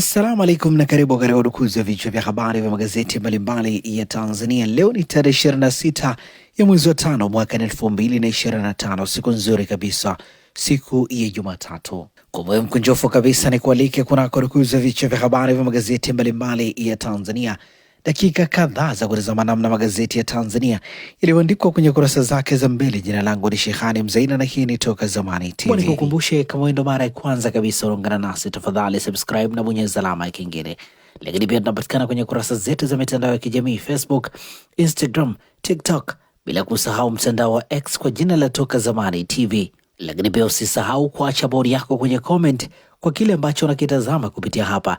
Assalamu alaikum na karibu katika udukuzi wa vichwa vya habari vya magazeti mbalimbali ya Tanzania. Leo ni tarehe 26 ya mwezi wa tano mwaka 2025, siku nzuri kabisa, siku ya Jumatatu. Kwa moyo mkunjofu kabisa ni kualike kunako udukuzi wa vichwa vya habari vya magazeti mbalimbali ya Tanzania dakika kadhaa za kutazama namna magazeti ya Tanzania yaliyoandikwa kwenye kurasa zake za mbele. Jina langu ni Shehani Mzaina na hii ni Toka Zamani TV. Nikukumbushe, kama ndo mara ya kwanza kabisa unaungana nasi, tafadhali subscribe na bonyeza alama ya kengele. Lakini pia tunapatikana kwenye kurasa zetu za mitandao ya kijamii Facebook, Instagram, TikTok, bila kusahau mtandao wa X kwa jina la Toka Zamani TV. Lakini pia usisahau kuacha bodi yako kwenye comment kwa kile ambacho unakitazama kupitia hapa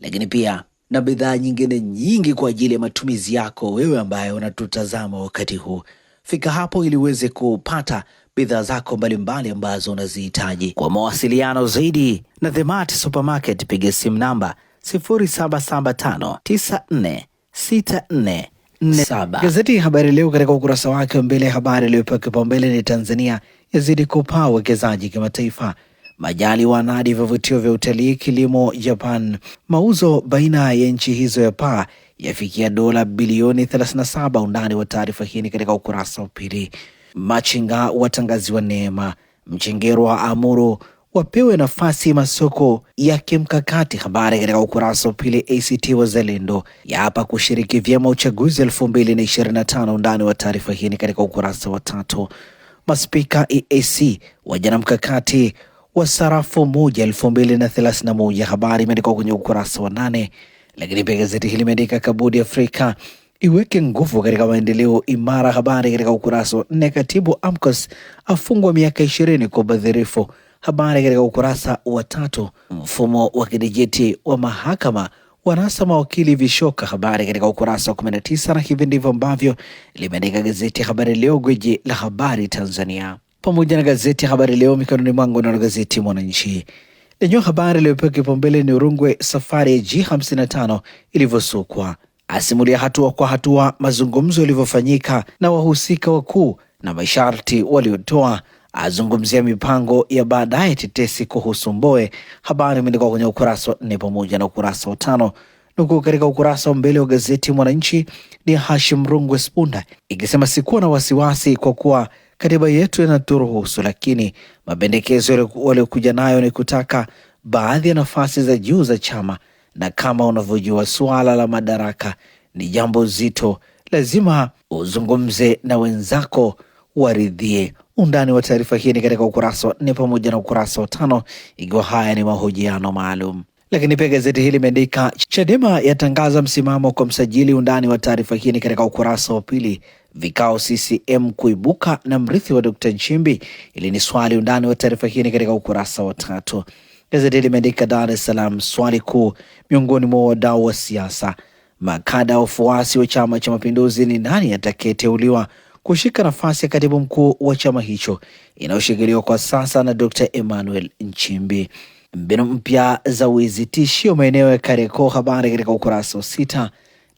lakini pia na bidhaa nyingine nyingi kwa ajili ya matumizi yako wewe ambaye unatutazama wakati huu. Fika hapo ili uweze kupata bidhaa zako mbalimbali ambazo unazihitaji. Kwa mawasiliano zaidi na The Mart Supermarket, piga simu namba 0775946447. Gazeti ya Habari Leo katika ukurasa wake mbele, habari iliyopewa kipaumbele ni Tanzania yazidi kupaa uwekezaji kimataifa wa anadi vivutio vya utalii, kilimo Japan. Mauzo baina ya nchi hizo ya paa yafikia dola bilioni 37. Undani wa taarifa hii ni katika ukurasa wa pili. Machinga watangaziwa neema, mchengero wa amuru wapewe nafasi masoko ya kimkakati. Habari katika ukurasa wa pili. ACT Wazalendo yaapa kushiriki vyema uchaguzi tano. Undani wa taarifa hii ni katika ukurasa wa tatu. Maspika EAC wajana mkakati wa sarafu moja elfu mbili na thelathini na moja. Habari imeandikwa kwenye ukurasa wa nane. Lakini pia gazeti hili limeandika kabodi Afrika iweke nguvu katika maendeleo imara. Habari katika ukurasa wa nne. Katibu AMCOS afungwa miaka ishirini kwa ubadhirifu. Habari katika ukurasa wa tatu. Mfumo wa kidijiti wa mahakama wanasa mawakili vishoka. Habari katika ukurasa wa kumi na hivi ndivyo ambavyo limeandika gazeti Habari Leo, gweji la habari Tanzania pamoja na gazeti Habari Leo mikononi mwangu. Na gazeti Mwananchi lenyewe habari iliyopewa kipaumbele ni Urungwe safari ya G55 ilivyosukwa, asimulia hatua kwa hatua mazungumzo yalivyofanyika na wahusika wakuu na masharti waliotoa, azungumzia mipango ya baadaye, tetesi kuhusu Mboe. Habari imeandikwa kwenye ukurasa wa nne pamoja na ukurasa wa tano huku katika ukurasa wa mbele wa gazeti Mwananchi ni Hashim Rungwe Spunda ikisema sikuwa na wasiwasi kwa kuwa katiba yetu inaturuhusu, lakini mapendekezo waliokuja nayo ni kutaka baadhi ya nafasi za juu za chama, na kama unavyojua suala la madaraka ni jambo zito, lazima uzungumze na wenzako waridhie. Undani wa taarifa hii ni katika ukurasa wa nne pamoja na ukurasa wa tano, ikiwa haya ni mahojiano maalum. Lakini pia gazeti hili limeandika Chadema yatangaza msimamo kwa msajili. Undani wa taarifa hii ni katika ukurasa wa pili vikao CCM kuibuka na mrithi wa Dkt. Nchimbi ili ni swali. Undani wa taarifa hii ni katika ukurasa wa tatu. Gazeti limeandika Dar es Salaam, swali kuu miongoni mwa wadau wa siasa, makada wafuasi wa Chama cha Mapinduzi ni nani atakayeteuliwa kushika nafasi ya katibu mkuu wa chama hicho inayoshikiliwa kwa sasa na Dr. Emmanuel Nchimbi. Mbinu mpya za wizi tishio maeneo ya Kareko, habari katika ukurasa wa sita.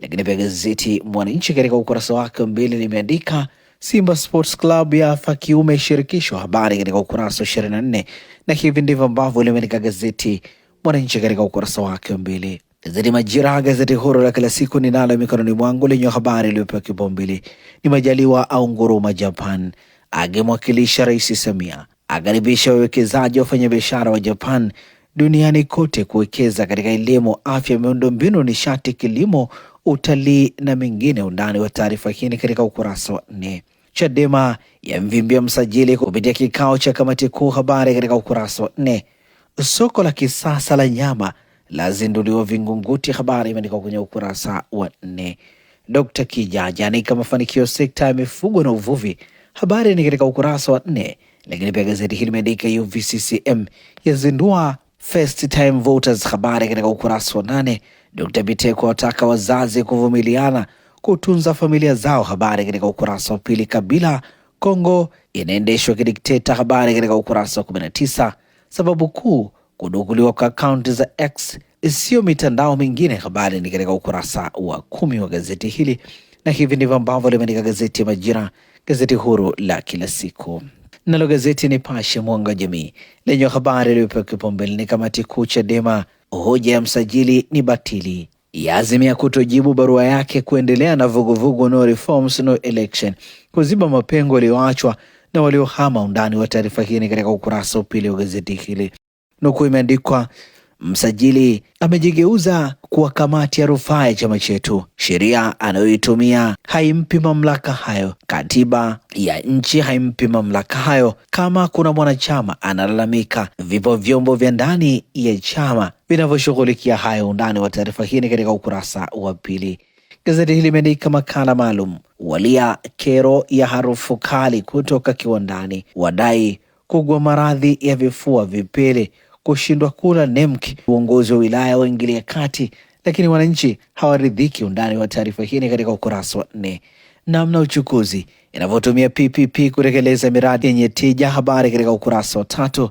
Lakini pia gazeti Mwananchi katika ukurasa wake mbili limeandika Simba Sports Club ya yafa kiume shirikisho, habari katika ukurasa wa ishirini na nne na hivi ndivyo ambavyo limeandika gazeti Mwananchi katika ukurasa wake wa mbili. Gazeti Majira, gazeti huru la kila siku ninalo mikononi mwangu, lenye habari iliyopewa kipaumbele ni Majaliwa au nguruma Japan, agemwakilisha Rais Samia, akaribisha wawekezaji wa wafanyabiashara wa Japan duniani kote kuwekeza katika elimu, afya, miundombinu, nishati, kilimo utalii na mengine. Undani wa taarifa hii ni katika ukurasa wa nne. Chadema yamvimbia msajili kupitia kikao cha kamati kuu, habari katika ukurasa wa nne. Soko la kisasa la nyama lazinduliwa Vingunguti, habari imeandikwa kwenye ukurasa wa nne. Dkt Kijaji anika mafanikio sekta ya mifugo na uvuvi, habari ni katika ukurasa wa nne. Lakini pia gazeti hili limeandika UVCCM yazindua first time voters, habari katika ukurasa wa nane. Dkt. Biteko wataka wazazi kuvumiliana kutunza familia zao. Habari katika ukurasa wa pili. Kabila Kongo inaendeshwa kidikteta. Habari katika ukurasa wa 19. Sababu kuu kudukuliwa kwa akaunti za X isiyo mitandao mingine. Habari ni katika ukurasa wa kumi wa gazeti hili, na hivi ndivyo ambavyo limeandika gazeti ya Majira, gazeti huru la kila siku. Nalo gazeti Nipashe Mwanga wa Jamii lenye habari iliyopewa kipaumbele ni kamati kuu Chadema hoja ya msajili ni batili. Yaazimia kutojibu barua yake, kuendelea na vuguvugu no reforms no election, kuziba mapengo yaliyoachwa na waliohama. Undani wa taarifa hii ni katika ukurasa wa pili wa gazeti hili. Nukuu imeandikwa Msajili amejigeuza kuwa kamati ya rufaa ya chama chetu. Sheria anayoitumia haimpi mamlaka hayo, katiba ya nchi haimpi mamlaka hayo. Kama kuna mwanachama analalamika, vipo vyombo vya ndani ya chama vinavyoshughulikia hayo. Undani wa taarifa hii ni katika ukurasa wa pili. Gazeti hili limeandika makala maalum, walia kero ya harufu kali kutoka kiwandani, wadai kugwa maradhi ya vifua vipele kushindwa kura NEMC. Uongozi wa wilaya waingilia kati, lakini wananchi hawaridhiki. Undani wa taarifa hii ni katika ukurasa wa nne. Namna uchukuzi inavyotumia PPP kutekeleza miradi yenye tija, habari katika ukurasa wa tatu.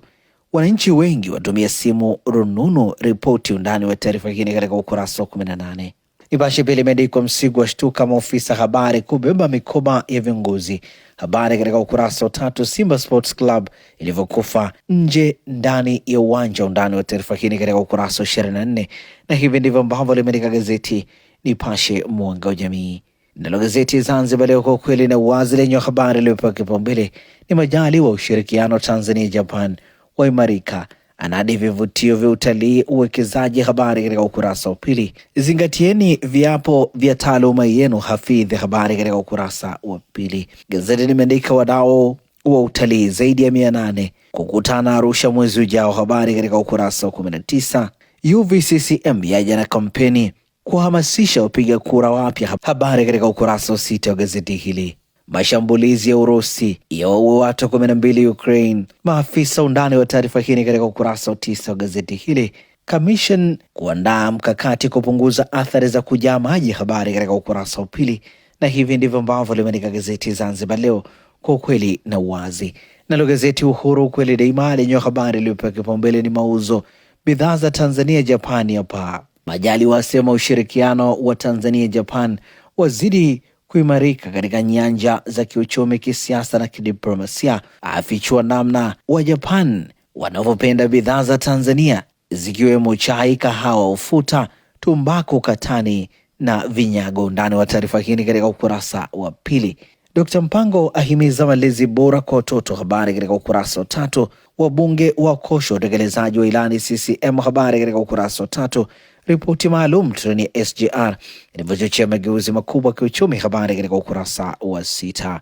Wananchi wengi watumia simu rununu, ripoti undani wa taarifa hii ni katika ukurasa wa nane. Nipashe pia limeandikwa Msigu shtuka maofisa habari kubeba mikoba ya viongozi habari katika ukurasa wa tatu, Simba Sports Club ilivyokufa nje ndani ya uwanja. Undani wa taarifa hii katika ukurasa wa ishirini na nne, na hivi ndivyo ambavyo limeandika gazeti Nipashe mwanga wa jamii. Nalo gazeti Zanzibar Leo, kwa ukweli na uwazi, lenye habari iliyopewa kipaumbele ni majali wa ushirikiano Tanzania Japan waimarika anadi vivutio vya utalii, uwekezaji. Habari katika ukurasa wa pili. Zingatieni viapo vya taaluma yenu, hafidhi. Habari katika ukurasa wa pili. Gazeti limeandika wadao wa utalii zaidi ya mia nane kukutana Arusha mwezi ujao. Habari katika ukurasa wa tisa. UVCCM yaja na kampeni kuhamasisha wapiga kura wapya. Habari katika ukurasa wa sita wa gazeti hili. Mashambulizi ya Urusi yawaua watu kumi na mbili Ukraine. Maafisa undani wa taarifa hii katika ukurasa wa tisa wa gazeti hili. Kamishen kuandaa mkakati kupunguza athari za kujaa maji, habari katika ukurasa wa pili. Na hivi ndivyo ambavyo limeandika gazeti Zanzibar Leo kwa ukweli na uwazi. Nalo gazeti Uhuru ukweli daima lenye habari iliyopewa kipaumbele ni mauzo bidhaa za Tanzania Japani yapaa. Majali wasema ushirikiano wa Tanzania Japan wazidi kuimarika katika nyanja za kiuchumi, kisiasa na kidiplomasia, afichua namna wa Japan wanavyopenda bidhaa za Tanzania zikiwemo chai, kahawa, ufuta, tumbaku, katani na vinyago. Undani wa taarifa hii ni katika ukurasa wa pili. Dkt Mpango ahimiza malezi bora kwa watoto, habari katika ukurasa wa tatu. Wabunge wa kosho utekelezaji wa ilani CCM, habari katika ukurasa wa tatu ripoti maalum treni ya SGR inavyochochea mageuzi makubwa kiuchumi. Habari katika ukurasa wa sita.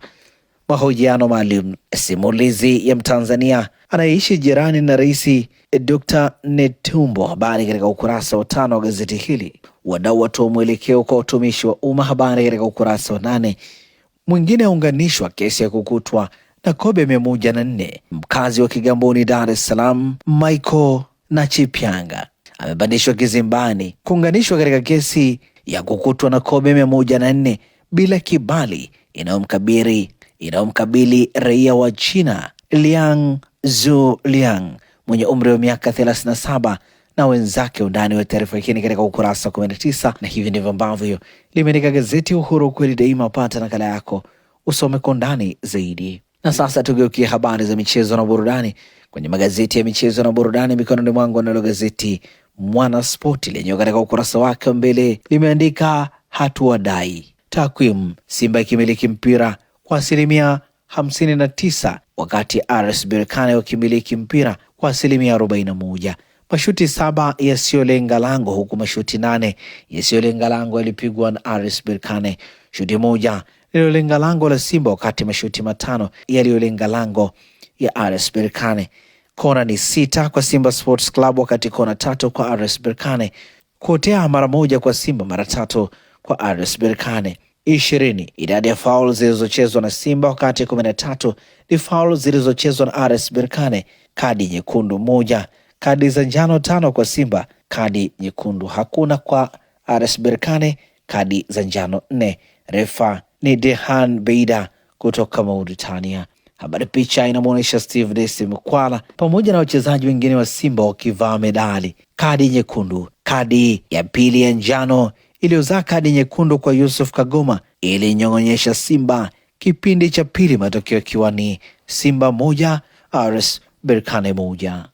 Mahojiano maalum, simulizi ya Mtanzania anayeishi jirani na Rais Dr. Netumbo. Habari katika ukurasa wa tano wa gazeti hili. Wadau watoa mwelekeo kwa utumishi wa umma. Habari katika ukurasa wa nane. Mwingine aunganishwa kesi ya kukutwa na kobe mia moja na nne. Mkazi wa Kigamboni, Dar es Salaam, Michael Nachipyanga amepandishwa kizimbani kuunganishwa katika kesi ya kukutwa na kobe mia moja na nne bila kibali inayomkabili inayomkabili raia wa China Liang Zuliang mwenye umri wa miaka 37 na wenzake. Undani wa taarifa hii ni katika ukurasa wa 19, na hivi ndivyo ambavyo limeandika gazeti Uhuru, kweli daima. Pata nakala yako usome kwa undani zaidi. Na sasa tugeukie habari za michezo na burudani kwenye magazeti ya michezo na burudani mikononi mwangu, analo gazeti Mwanaspoti lenyewe katika ukurasa wake wa mbele limeandika dai takwimu, Simba ikimiliki mpira kwa asilimia 59 wakati RS Berkane wakimiliki mpira kwa asilimia 41. Mashuti saba yasiyolenga lango huku mashuti nane yasiyolenga lango yalipigwa na RS Berkane, shuti moja lililolenga lango la Simba wakati mashuti matano yaliyolenga lango ya RS Berkane kona ni sita kwa Simba Sports Club, wakati kona tatu kwa RS Berkane. Kuotea mara moja kwa Simba, mara tatu kwa RS Berkane. Ishirini, idadi ya faul zilizochezwa na Simba, wakati kumi na tatu ni faul zilizochezwa na RS Berkane. Kadi nyekundu moja, kadi za njano tano kwa Simba, kadi nyekundu hakuna kwa RS Berkane, kadi za njano nne. Refa ni Dehan Beida kutoka Mauritania. Habari picha inamwonyesha Steve Dese Mkwala pamoja na wachezaji wengine wa Simba wakivaa medali, kadi nyekundu, kadi ya pili ya njano iliyozaa kadi nyekundu kwa Yusuf Kagoma ilinyong'onyesha Simba kipindi cha pili, matokeo yakiwa ni Simba moja RS Berkane moja.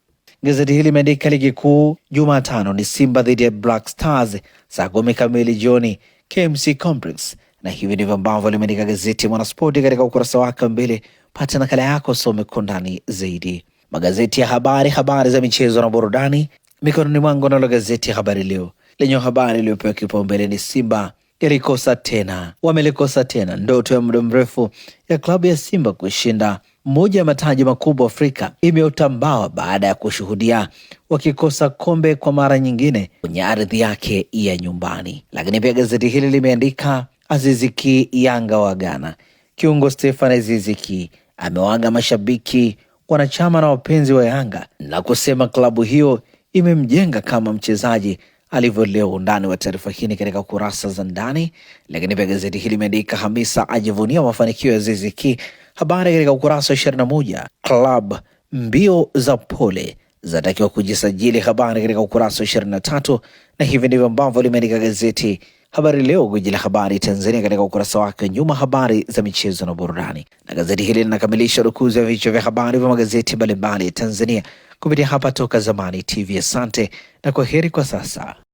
Gazeti hili limeandika ligi kuu Jumatano ni Simba dhidi ya Black Stars saa kumi kamili jioni KMC Complex, na hivi ndivyo ambavyo limeandika gazeti Mwanaspoti katika ukurasa wake mbele pata nakala yako, some kwa undani zaidi. Magazeti ya habari, habari za michezo na burudani mikononi mwangu, nalo gazeti ya Habari Leo lenye habari iliyopewa kipaumbele ni Simba yalikosa tena, wamelikosa tena ndoto ya muda mrefu ya klabu ya Simba kushinda moja ya mataji makubwa Afrika imeotambawa baada ya kushuhudia wakikosa kombe kwa mara nyingine kwenye ardhi yake ya nyumbani. Lakini pia gazeti hili limeandika Aziziki Yanga wa Ghana, kiungo Stefan Aziziki amewaaga mashabiki, wanachama na wapenzi wa Yanga na kusema klabu hiyo imemjenga kama mchezaji alivyoleo. Undani wa taarifa hii ni katika kurasa za ndani, lakini pia gazeti hili limeandika Hamisa ajivunia mafanikio ya zzk habari katika ukurasa wa moja klab mbio za pole zinatakiwa kujisajili, habari katika ukurasa wa tatu na hivi ndivyo ambavyo limeandika gazeti Habari Leo, gwiji la habari Tanzania, katika ukurasa wake nyuma, habari za michezo na burudani, na gazeti hili linakamilisha rukuzi ya vichwa vya habari vya magazeti mbalimbali ya Tanzania kupitia hapa Toka Zamani TV. Asante na kwa heri kwa sasa.